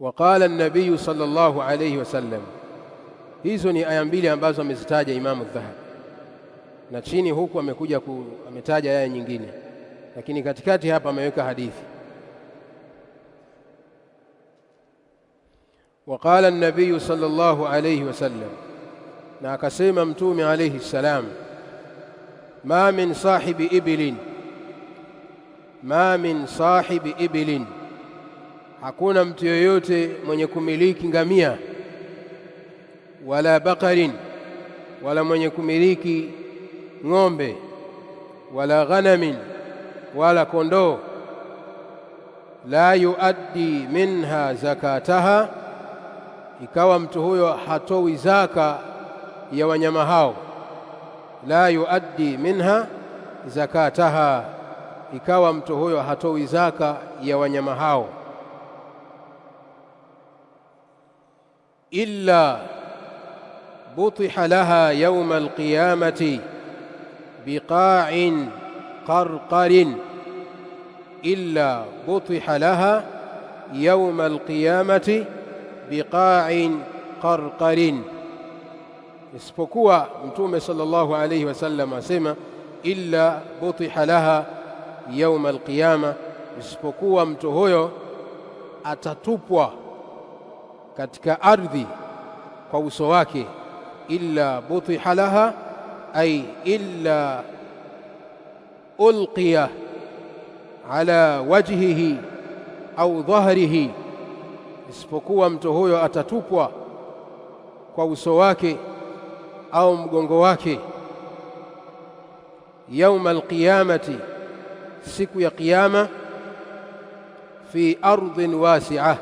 Waqala an-nabiy sallallahu alayhi wasallam. Hizo ni aya mbili ambazo amezitaja Imamu Dhahabi, na chini huku amekuja ametaja aya nyingine, lakini katikati hapa ameweka hadithi. Waqala an-nabiy sallallahu alayhi wasallam, na akasema Mtume alayhi salam, ma min sahibi ibilin, ma min sahibi ibilin hakuna mtu yoyote mwenye kumiliki ngamia wala bakarin wala mwenye kumiliki ng'ombe wala ghanamin wala kondoo la yuaddi minha zakataha, ikawa mtu huyo hatowi zaka ya wanyama hao. La yuaddi minha zakataha, ikawa mtu huyo hatowi zaka ya wanyama hao. الا بطح لها يوم القيامه بقاع قرقر الا بطح لها يوم القيامه بقاع قرقر اسبقوا متوم صلى الله عليه وسلم اسما الا بطح لها يوم القيامه اسبقوا متو هو atatupwa katika ardhi kwa uso wake illa butiha laha ay illa ulqiya ala wajhihi au dhahrihi, isipokuwa mtu huyo atatupwa kwa uso wake au mgongo wake, yauma alqiyamati, siku ya Kiyama, fi ardhin wasi'a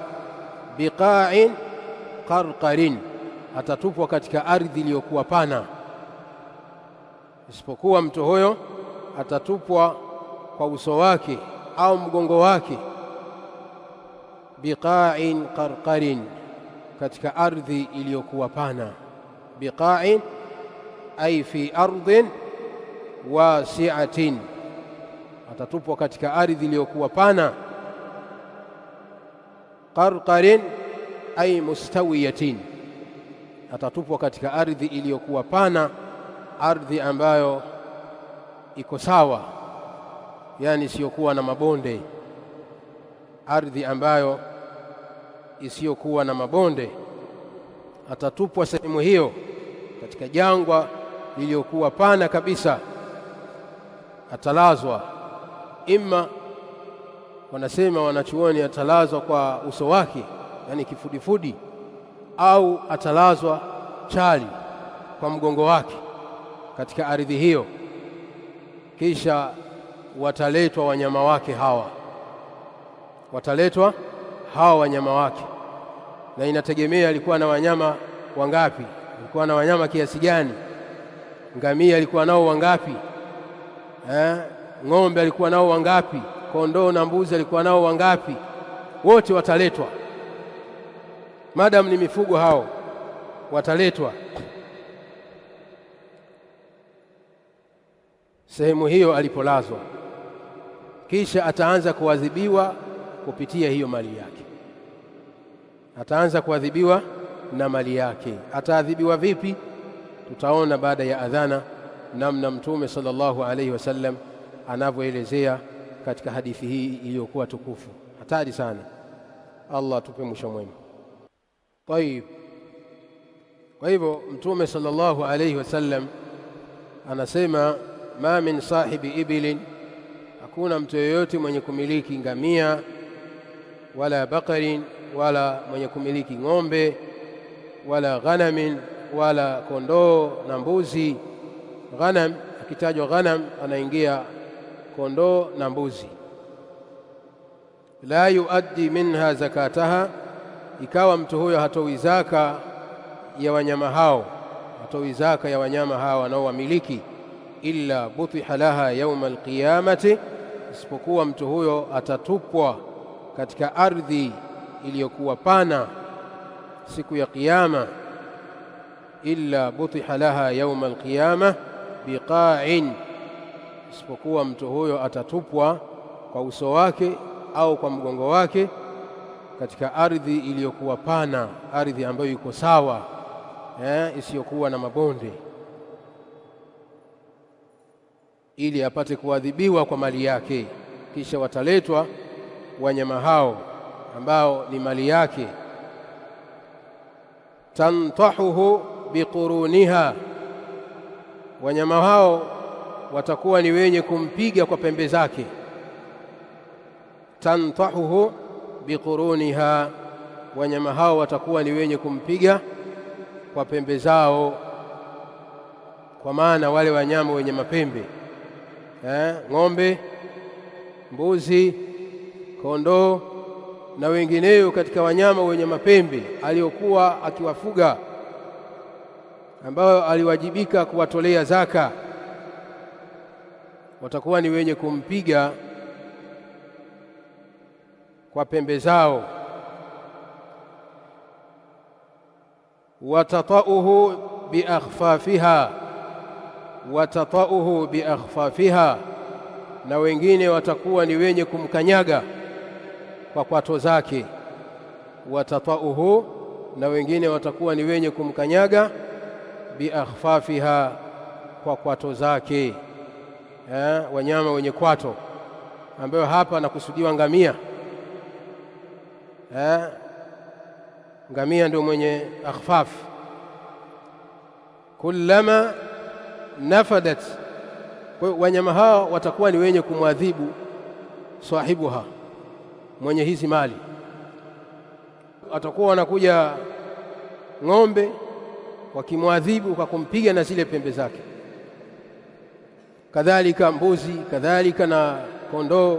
biqa'in qarqarin, atatupwa katika ardhi iliyokuwa pana, isipokuwa mtu huyo atatupwa kwa uso wake au mgongo wake, biqa'in qarqarin, katika ardhi iliyokuwa pana. Biqa'in ay fi ardhin wasi'atin, atatupwa katika ardhi iliyokuwa pana. qarqarin ay mustawiyatin, atatupwa katika ardhi iliyokuwa pana, ardhi ambayo iko sawa, yani isiyokuwa na mabonde, ardhi ambayo isiyokuwa na mabonde. Atatupwa sehemu hiyo katika jangwa liliyokuwa pana kabisa, atalazwa imma, wanasema wanachuoni, atalazwa kwa uso wake yani kifudifudi, au atalazwa chali kwa mgongo wake katika ardhi hiyo, kisha wataletwa wanyama wake hawa, wataletwa hawa wanyama wake. Na inategemea alikuwa na wanyama wangapi, alikuwa na wanyama kiasi gani, ngamia alikuwa nao wangapi, eh? ng'ombe alikuwa nao wangapi, kondoo na mbuzi alikuwa nao wangapi, wote wataletwa madam ni mifugo hao wataletwa sehemu hiyo alipolazwa, kisha ataanza kuadhibiwa kupitia hiyo mali yake. Ataanza kuadhibiwa na mali yake. Ataadhibiwa vipi? Tutaona baada ya adhana namna Mtume sallallahu alaihi wasallam anavyoelezea katika hadithi hii iliyokuwa tukufu. Hatari sana. Allah atupe mwisho mwema. طيب Kwa hivyo Mtume sallallahu alayhi wasallam anasema ma min sahibi ibilin, hakuna mtu yeyote mwenye kumiliki ngamia wala bakarin wala mwenye kumiliki ng'ombe wala ghanamin wala kondoo na mbuzi. Ghanam akitajwa ghanam, anaingia kondoo na mbuzi. la yuaddi minha zakataha ikawa mtu huyo hatoi zaka ya wanyama hao, hatoi zaka ya wanyama hao wamiliki illa butiha laha yauma alqiyamati, isipokuwa mtu huyo atatupwa katika ardhi iliyokuwa pana siku ya Kiyama. Illa butiha laha yauma alqiyama biqa'in, isipokuwa mtu huyo atatupwa kwa uso wake au kwa mgongo wake katika ardhi iliyokuwa pana, ardhi ambayo iko sawa eh, isiyokuwa na mabonde, ili apate kuadhibiwa kwa mali yake. Kisha wataletwa wanyama hao ambao ni mali yake, tantahuhu biquruniha, wanyama hao watakuwa ni wenye kumpiga kwa pembe zake. tantahuhu biquruniha, wanyama hao watakuwa ni wenye kumpiga kwa pembe zao, kwa maana wale wanyama wenye mapembe eh, ng'ombe, mbuzi, kondoo na wengineyo katika wanyama wenye mapembe aliyokuwa akiwafuga, ambayo aliwajibika kuwatolea zaka, watakuwa ni wenye kumpiga kwa pembe zao, watatauhu biakhfafiha, watatauhu biakhfafiha, na wengine watakuwa ni wenye kumkanyaga kwa kwato zake. Watatauhu, na wengine watakuwa ni wenye kumkanyaga biakhfafiha, kwa kwato zake. Eh, wanyama wenye kwato ambayo hapa nakusudiwa ngamia eh, ngamia ndio mwenye akhfaf. kullama nafadat, kwa wanyama hawa watakuwa ni wenye kumwadhibu sahibuha, mwenye hizi mali. Watakuwa wanakuja ng'ombe wakimwadhibu kwa kumpiga na zile pembe zake, kadhalika mbuzi, kadhalika na kondoo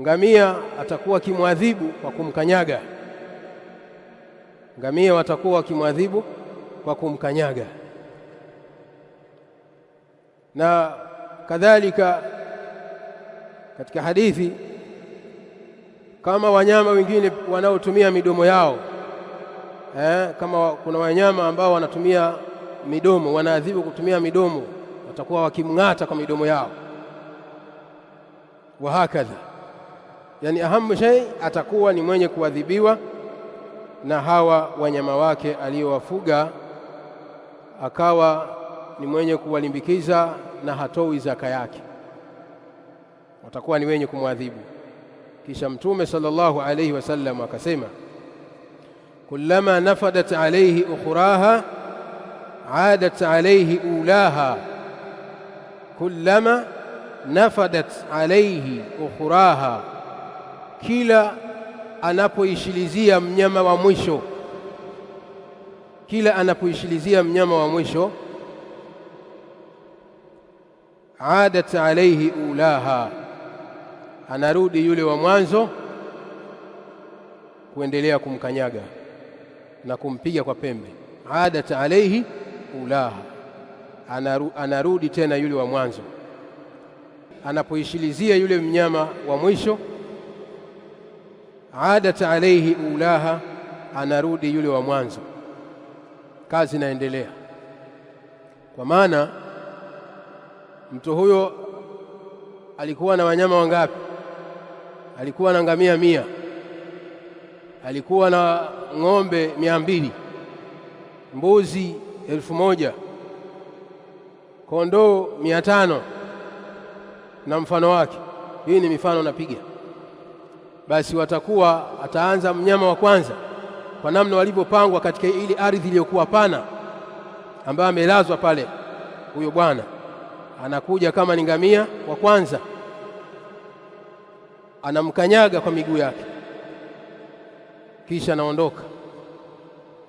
ngamia atakuwa kimwadhibu kwa kumkanyaga, ngamia watakuwa kimwadhibu kwa kumkanyaga. Na kadhalika katika hadithi, kama wanyama wengine wanaotumia midomo yao eh, kama kuna wanyama ambao wanatumia midomo, wanaadhibu kutumia midomo, watakuwa wakimng'ata kwa midomo yao, wahakadha yani ahamu shay atakuwa ni mwenye kuadhibiwa na hawa wanyama wake aliyowafuga, akawa ni mwenye kuwalimbikiza na hatoi zaka yake, watakuwa ni wenye kumwadhibu. Kisha Mtume sallallahu alayhi wasallam akasema, kullama nafadat alayhi ukhraha adat alayhi ulaha, kullama nafadat alayhi ukhraha kila anapoishilizia mnyama wa mwisho, kila anapoishilizia mnyama wa mwisho, adat alayhi ulaha, anarudi yule wa mwanzo kuendelea kumkanyaga na kumpiga kwa pembe. Adat alayhi ulaha, anarudi tena yule wa mwanzo anapoishilizia yule mnyama wa mwisho adat alaihi ulaha, anarudi yule wa mwanzo, kazi inaendelea. Kwa maana mtu huyo alikuwa na wanyama wangapi? Alikuwa na ngamia mia, alikuwa na ng'ombe mia mbili, mbuzi elfu moja, kondoo mia tano na mfano wake. Hii ni mifano napiga basi watakuwa ataanza mnyama wa kwanza kwa namna walivyopangwa katika ile ardhi iliyokuwa pana ambayo amelazwa pale. Huyo bwana anakuja kama ni ngamia wa kwanza, anamkanyaga kwa miguu yake, kisha anaondoka.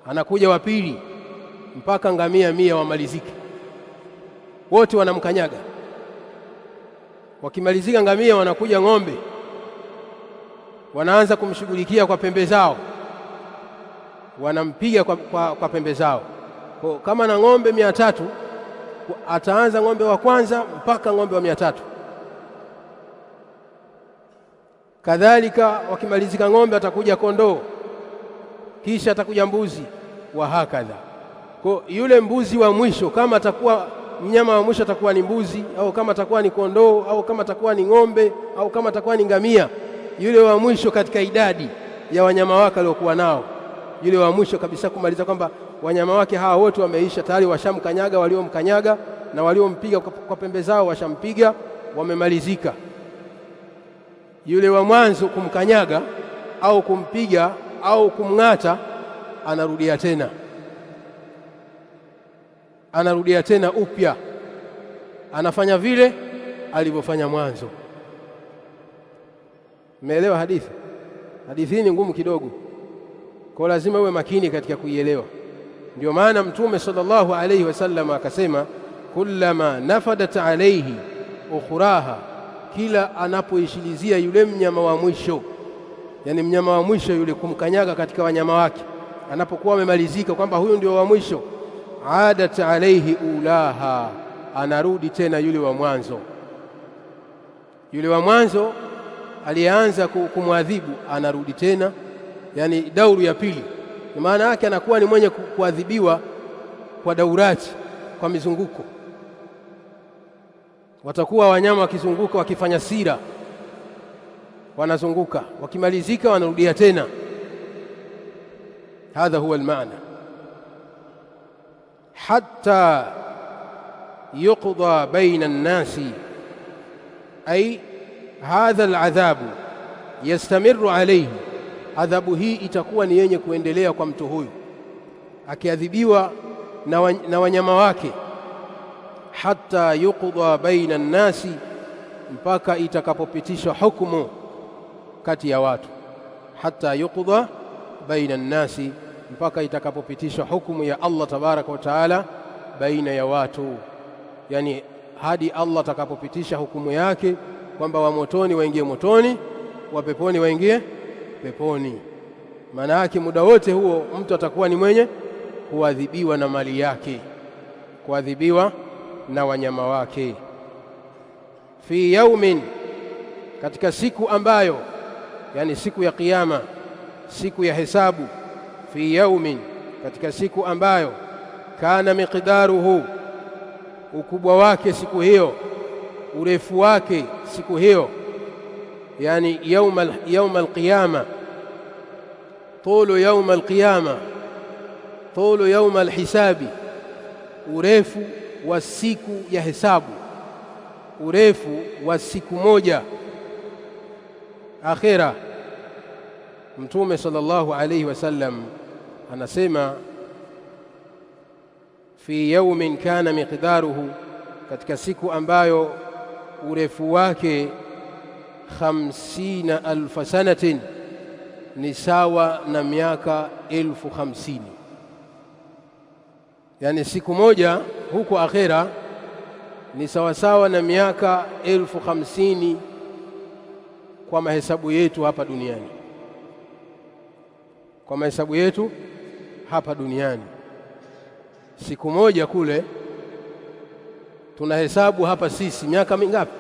Anakuja wa pili mpaka ngamia mia wamalizike wote, wanamkanyaga. Wakimalizika ngamia, wanakuja ng'ombe wanaanza kumshughulikia kwa pembe zao, wanampiga kwa, kwa, kwa pembe zao. Kwa kama na ng'ombe mia tatu ataanza ng'ombe wa kwanza mpaka ng'ombe wa mia tatu. Kadhalika wakimalizika ng'ombe atakuja kondoo, kisha atakuja mbuzi wa hakadha. Kwa yule mbuzi wa mwisho, kama atakuwa mnyama wa mwisho atakuwa ni mbuzi, au kama atakuwa ni kondoo, au kama atakuwa ni ng'ombe, au kama atakuwa ni ngamia yule wa mwisho katika idadi ya wanyama wake aliokuwa nao, yule wa mwisho kabisa kumaliza kwamba wanyama wake hawa wote wameisha tayari, washamkanyaga waliomkanyaga na waliompiga kwa pembe zao washampiga, wamemalizika. Yule wa mwanzo kumkanyaga au kumpiga au kumng'ata, anarudia tena, anarudia tena upya, anafanya vile alivyofanya mwanzo. Umeelewa hadithi? Hadithi hii ni ngumu kidogo, kwa lazima uwe makini katika kuielewa. Ndio maana Mtume sallallahu alayhi wasallam akasema, kullama nafadat alayhi ukhraha, kila anapoishilizia yule mnyama wa mwisho, yani mnyama wa mwisho yule kumkanyaga katika wanyama wake, anapokuwa amemalizika kwamba huyu ndio wa mwisho, adat alayhi ulaha, anarudi tena yule wa mwanzo, yule wa mwanzo aliyeanza kumwadhibu anarudi tena, yani dauru ya pili. Maana yake anakuwa ni mwenye kuadhibiwa kwa daurati, kwa mizunguko. Watakuwa wanyama wakizunguka, wakifanya sira, wanazunguka, wakimalizika wanarudia tena. Hadha huwa almaana hatta yuqda baina nnasi ai hadha aladhabu yastamiru alayhi, adhabu hii itakuwa ni yenye kuendelea kwa mtu huyu akiadhibiwa na wanyama wake, hata yuqda baina nnasi, mpaka itakapopitishwa hukumu kati ya watu. Hata yuqda baina nnasi, mpaka itakapopitishwa hukumu ya Allah tabaraka wa taala baina ya watu, yani hadi Allah atakapopitisha hukumu yake kwamba wa motoni waingie motoni, wa peponi waingie peponi. Maana yake muda wote huo mtu atakuwa ni mwenye kuadhibiwa na mali yake, kuadhibiwa na wanyama wake. Fi yaumin, katika siku ambayo, yani siku ya Kiyama, siku ya hesabu. Fi yaumin, katika siku ambayo kana miqdaruhu, ukubwa wake siku hiyo, urefu wake siku hiyo yani يوم يوم القيامه طول يوم القيامه طول يوم الحساب urefu wa siku ya hesabu urefu wa siku moja akhira mtume sallallahu alayhi wasallam anasema fi yawmin kana miqdaruhu katika siku ambayo urefu wake hamsina alfa sanatin ni sawa na miaka elfu hamsini yaani siku moja huko akhera ni sawasawa na miaka elfu hamsini kwa mahesabu yetu hapa duniani, kwa mahesabu yetu hapa duniani, siku moja kule tunahesabu hapa sisi miaka mingapi?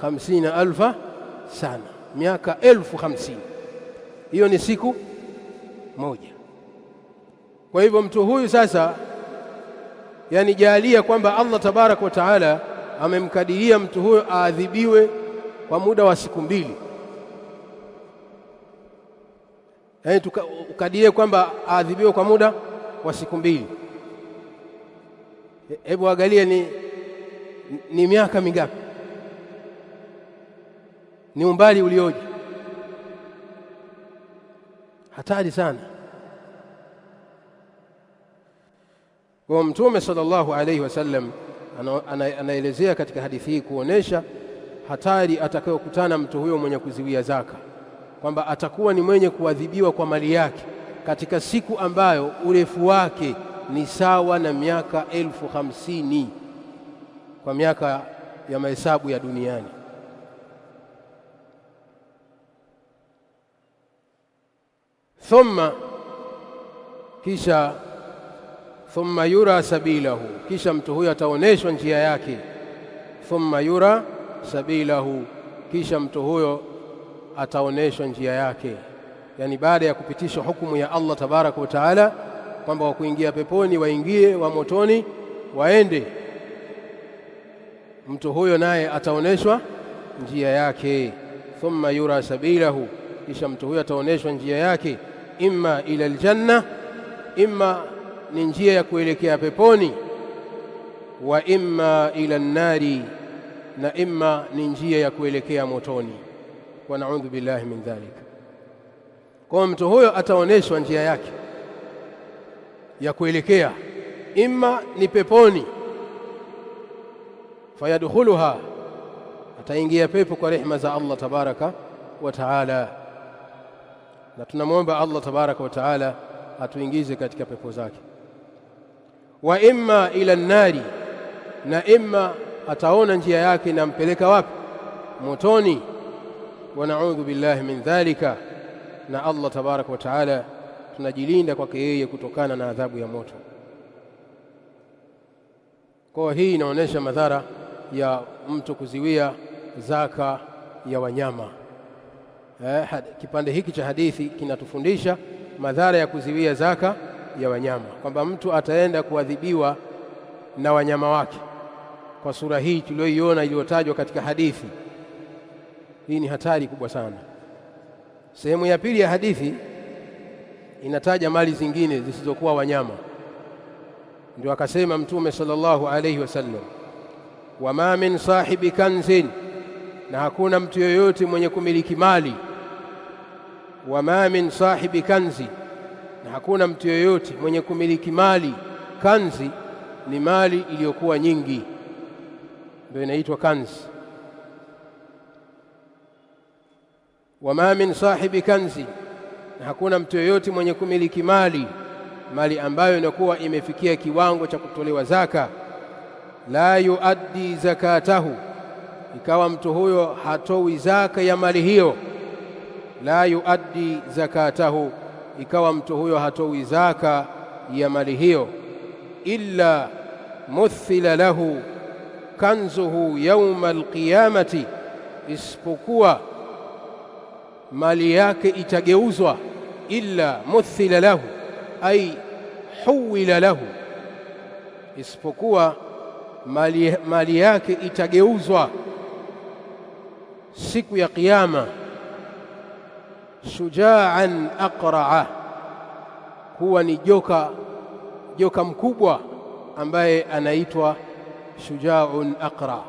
hamsina alfa sana, miaka elfu hamsini. Hiyo ni siku moja. Kwa hivyo mtu huyu sasa, yani jalia kwamba Allah tabaraka wa taala amemkadiria mtu huyo aadhibiwe kwa muda wa siku mbili, yani tukadirie kwamba aadhibiwe kwa muda wa siku mbili. Hebu angalia ni ni miaka mingapi? Ni umbali ulioje? Hatari sana. Kwa Mtume sallallahu alayhi wasallam anaelezea katika hadithi hii kuonesha hatari atakayokutana mtu huyo mwenye kuziwia zaka, kwamba atakuwa ni mwenye kuadhibiwa kwa mali yake katika siku ambayo urefu wake ni sawa na miaka elfu hamsini kwa miaka ya mahesabu ya duniani. Thumma, kisha thumma yura sabilahu, kisha mtu huyo ataoneshwa njia yake. Thumma yura sabilahu, kisha mtu huyo ataoneshwa njia yake. Yani baada ya kupitishwa hukumu ya Allah tabaraka wa taala kwamba wa kuingia peponi waingie, wa motoni waende mtu huyo naye ataoneshwa njia yake. Thumma yura sabilahu, kisha mtu huyo ataoneshwa njia yake, imma ila aljanna, imma ni njia ya kuelekea peponi, wa imma ila nnari, na imma ni njia ya kuelekea motoni. Wa naudhu billahi min dhalik. Kwa mtu huyo ataoneshwa njia yake ya kuelekea, imma ni peponi fayadkhuluha, ataingia pepo kwa rehma za Allah tabaraka wa taala. Na tunamwomba Allah tabaraka wa taala atuingize katika pepo zake. Wa imma ila nnari, na imma ataona njia yake inampeleka wapi? Motoni. Wa naudhu billahi min dhalika, na Allah tabaraka wa taala tunajilinda kwake yeye kutokana na adhabu ya moto. Kwa hii inaonyesha madhara ya mtu kuziwia zaka ya wanyama. Eh, kipande hiki cha hadithi kinatufundisha madhara ya kuziwia zaka ya wanyama, kwamba mtu ataenda kuadhibiwa na wanyama wake kwa sura hii tuliyoiona iliyotajwa katika hadithi hii. Ni hatari kubwa sana. Sehemu ya pili ya hadithi inataja mali zingine zisizokuwa wanyama, ndio akasema Mtume sallallahu alaihi wasallam ma min sahibi kanzin, na hakuna mtu yoyote mwenye kumiliki mali. ma min sahibi kanzi, na hakuna mtu yoyote mwenye kumiliki mali. Kanzi ni mali iliyokuwa nyingi, ndio inaitwa kanzi. ma min sahibi kanzi, na hakuna mtu yoyote mwenye kumiliki mali, mali ambayo inakuwa imefikia kiwango cha kutolewa zaka la yuaddi zakatahu, ikawa mtu huyo hatoi zaka ya mali hiyo. La yuaddi zakatahu, ikawa mtu huyo hatoi zaka ya mali hiyo. Illa muthila lahu kanzuhu yauma alqiyamati, isipokuwa mali yake itageuzwa. Illa muthila lahu ay huwila lahu, isipokuwa mali, mali yake itageuzwa siku ya Kiyama. Shujaan aqraa, huwa ni joka, joka mkubwa ambaye anaitwa shujaun aqra.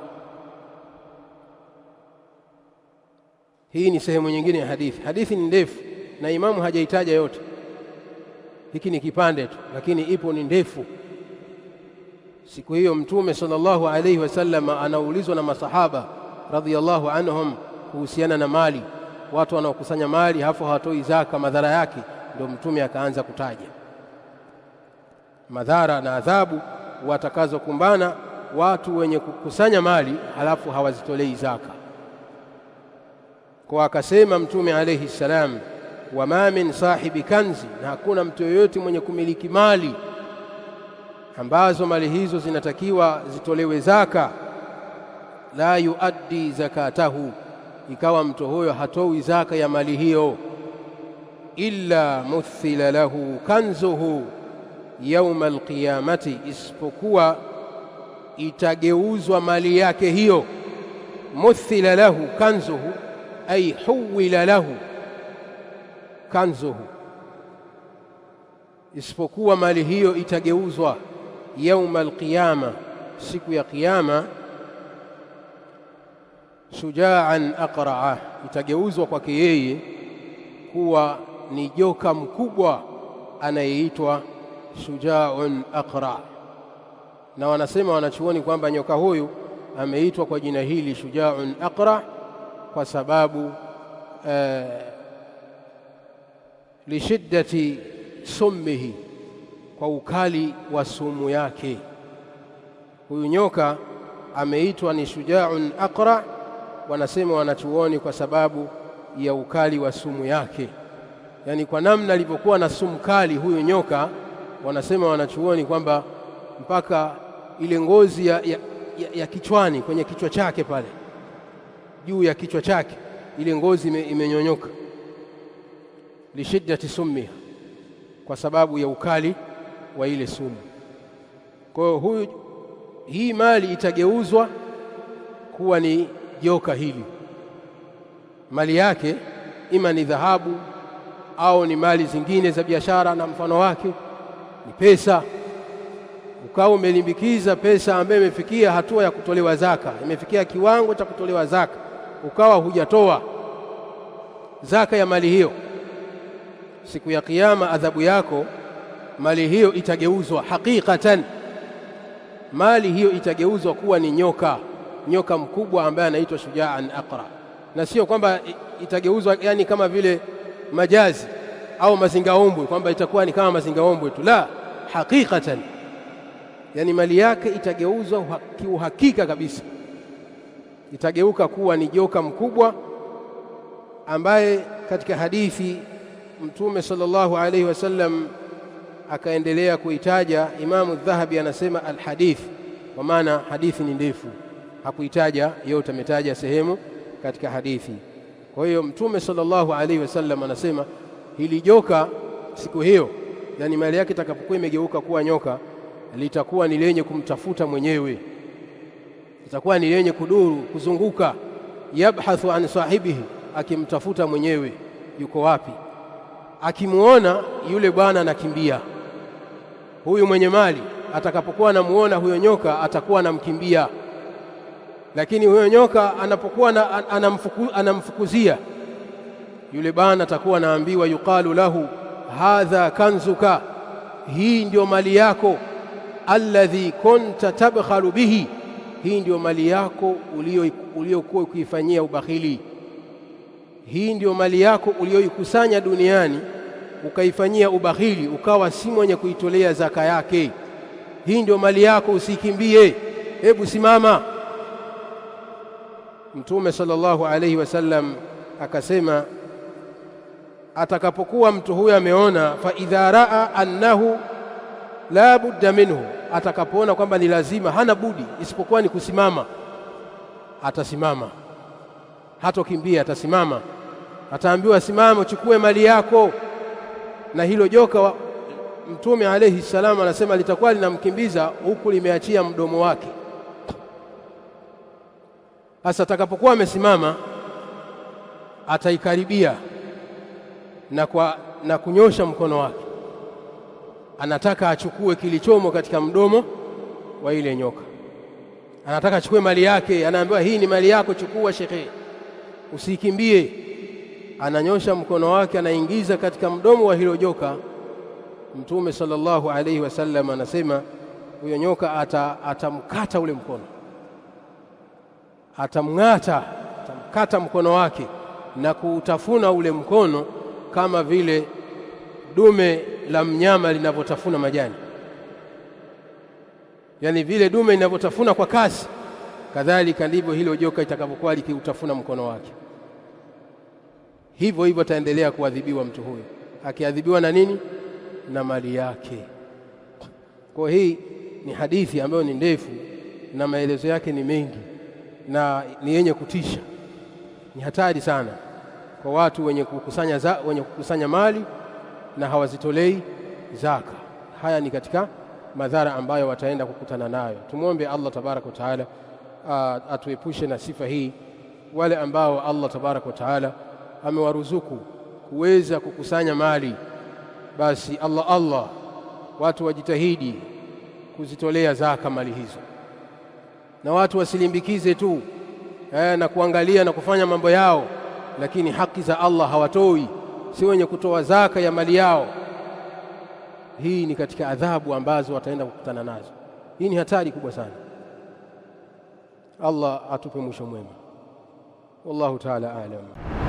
Hii ni sehemu nyingine ya hadithi. Hadithi ni ndefu na Imamu hajaitaja yote, hiki ni kipande tu, lakini ipo ni ndefu. Siku hiyo Mtume sallallahu alayhi wasallam anaulizwa na masahaba radhiyallahu anhum kuhusiana na mali, watu wanaokusanya mali hafu hawatoi zaka, madhara yake. Ndio Mtume akaanza kutaja madhara na adhabu watakazokumbana watu wenye kukusanya mali halafu hawazitolei zaka. Kwa akasema Mtume alaihi salam, wama min sahibi kanzi, na hakuna mtu yoyote mwenye kumiliki mali ambazo mali hizo zinatakiwa zitolewe zaka, la yuaddi zakatahu, ikawa mtu huyo hatoi zaka ya mali hiyo, illa muthila lahu kanzuhu yauma alqiyamati, isipokuwa itageuzwa mali yake hiyo. Muthila lahu kanzuhu, ay huwila lahu kanzuhu, isipokuwa mali hiyo itageuzwa yauma alqiyama, siku ya Kiyama, shujaan aqraa, itageuzwa kwake yeye kuwa ni joka mkubwa anayeitwa shujaun aqra. Na wanasema wanachuoni kwamba nyoka huyu ameitwa kwa jina hili shujaun aqra kwa sababu eh, lishiddati summihi kwa ukali wa sumu yake. Huyu nyoka ameitwa ni shujaun aqra, wanasema wanachuoni, kwa sababu ya ukali wa sumu yake, yaani kwa namna alivyokuwa na sumu kali huyu nyoka. Wanasema wanachuoni kwamba mpaka ile ngozi ya, ya, ya, ya kichwani kwenye kichwa chake pale juu ya kichwa chake ile ngozi imenyonyoka, lishiddati summiha, kwa sababu ya ukali wa ile sumu. Kwa hiyo huyu, hii mali itageuzwa kuwa ni joka hili. Mali yake ima ni dhahabu au ni mali zingine za biashara na mfano wake ni pesa. Ukawa umelimbikiza pesa ambayo imefikia hatua ya kutolewa zaka, imefikia kiwango cha kutolewa zaka, ukawa hujatoa zaka ya mali hiyo, siku ya Kiyama adhabu yako mali hiyo itageuzwa hakikatan, mali hiyo itageuzwa kuwa ni nyoka, nyoka mkubwa ambaye anaitwa shujaan aqra, na sio kwamba itageuzwa yani kama vile majazi au mazingaombwe, kwamba itakuwa ni kama mazingaombwe tu, la, hakikatan, yani mali yake itageuzwa kiuhakika kabisa, itageuka kuwa ni joka mkubwa ambaye katika hadithi Mtume sallallahu alaihi wasallam akaendelea kuitaja. Imamu Dhahabi anasema alhadithi, kwa maana hadithi ni ndefu, hakuitaja yote, ametaja sehemu katika hadithi. Kwa hiyo Mtume sallallahu alaihi wasallam anasema hili joka siku hiyo, yani mali yake itakapokuwa imegeuka kuwa nyoka, litakuwa ni lenye kumtafuta mwenyewe, litakuwa ni lenye kuduru kuzunguka, yabhathu an sahibihi, akimtafuta mwenyewe yuko wapi. Akimuona yule bwana anakimbia huyu mwenye mali atakapokuwa anamuona huyo nyoka atakuwa anamkimbia, lakini huyo nyoka anapokuwa na, anamfuku, anamfukuzia yule bana atakuwa anaambiwa, yuqalu lahu hadha kanzuka, hii ndiyo mali yako. Alladhi kunta tabkhalu bihi, hii ndiyo mali yako uliyokuwa ukiifanyia ubakhili. Hii ndiyo mali yako uliyoikusanya duniani ukaifanyia ubahili, ukawa si mwenye kuitolea zaka yake. Hii ndio mali yako, usikimbie. Hebu simama. Mtume sallallahu alaihi wasallam akasema, atakapokuwa mtu huyo ameona, fa idha raa annahu la budda minhu, atakapoona kwamba ni lazima, hana budi isipokuwa ni kusimama, atasimama, hatokimbia, atasimama. Ataambiwa simama, uchukue mali yako na hilo joka wa, Mtume alayhi salamu anasema litakuwa linamkimbiza huku limeachia mdomo wake. Sasa atakapokuwa amesimama ataikaribia na, kwa, na kunyosha mkono wake, anataka achukue kilichomo katika mdomo wa ile nyoka, anataka achukue mali yake. Anaambiwa, hii ni mali yako, chukua shekhe, usikimbie ananyosha mkono wake anaingiza katika mdomo wa hilo joka. Mtume sallallahu alaihi wasallam anasema huyo nyoka atamkata ata ule mkono, atamng'ata, atamkata mkono wake na kuutafuna ule mkono kama vile dume la mnyama linavyotafuna majani, yaani vile dume linavyotafuna kwa kasi, kadhalika ndivyo hilo joka itakavyokuwa likiutafuna mkono wake hivyo hivyo ataendelea kuadhibiwa mtu huyo, akiadhibiwa na nini? Na mali yake. Kwa hii ni hadithi ambayo ni ndefu na maelezo yake ni mengi na ni yenye kutisha, ni hatari sana kwa watu wenye kukusanya, za, wenye kukusanya mali na hawazitolei zaka. Haya ni katika madhara ambayo wataenda kukutana nayo. Tumwombe Allah tabaraka wa taala atuepushe na sifa hii, wale ambao Allah tabaraka wa taala amewaruzuku kuweza kukusanya mali, basi Allah Allah, watu wajitahidi kuzitolea zaka mali hizo, na watu wasilimbikize tu eh, na kuangalia na kufanya mambo yao, lakini haki za Allah hawatoi, si wenye kutoa zaka ya mali yao. Hii ni katika adhabu ambazo wataenda kukutana nazo. Hii ni hatari kubwa sana. Allah atupe mwisho mwema. Wallahu taala aalam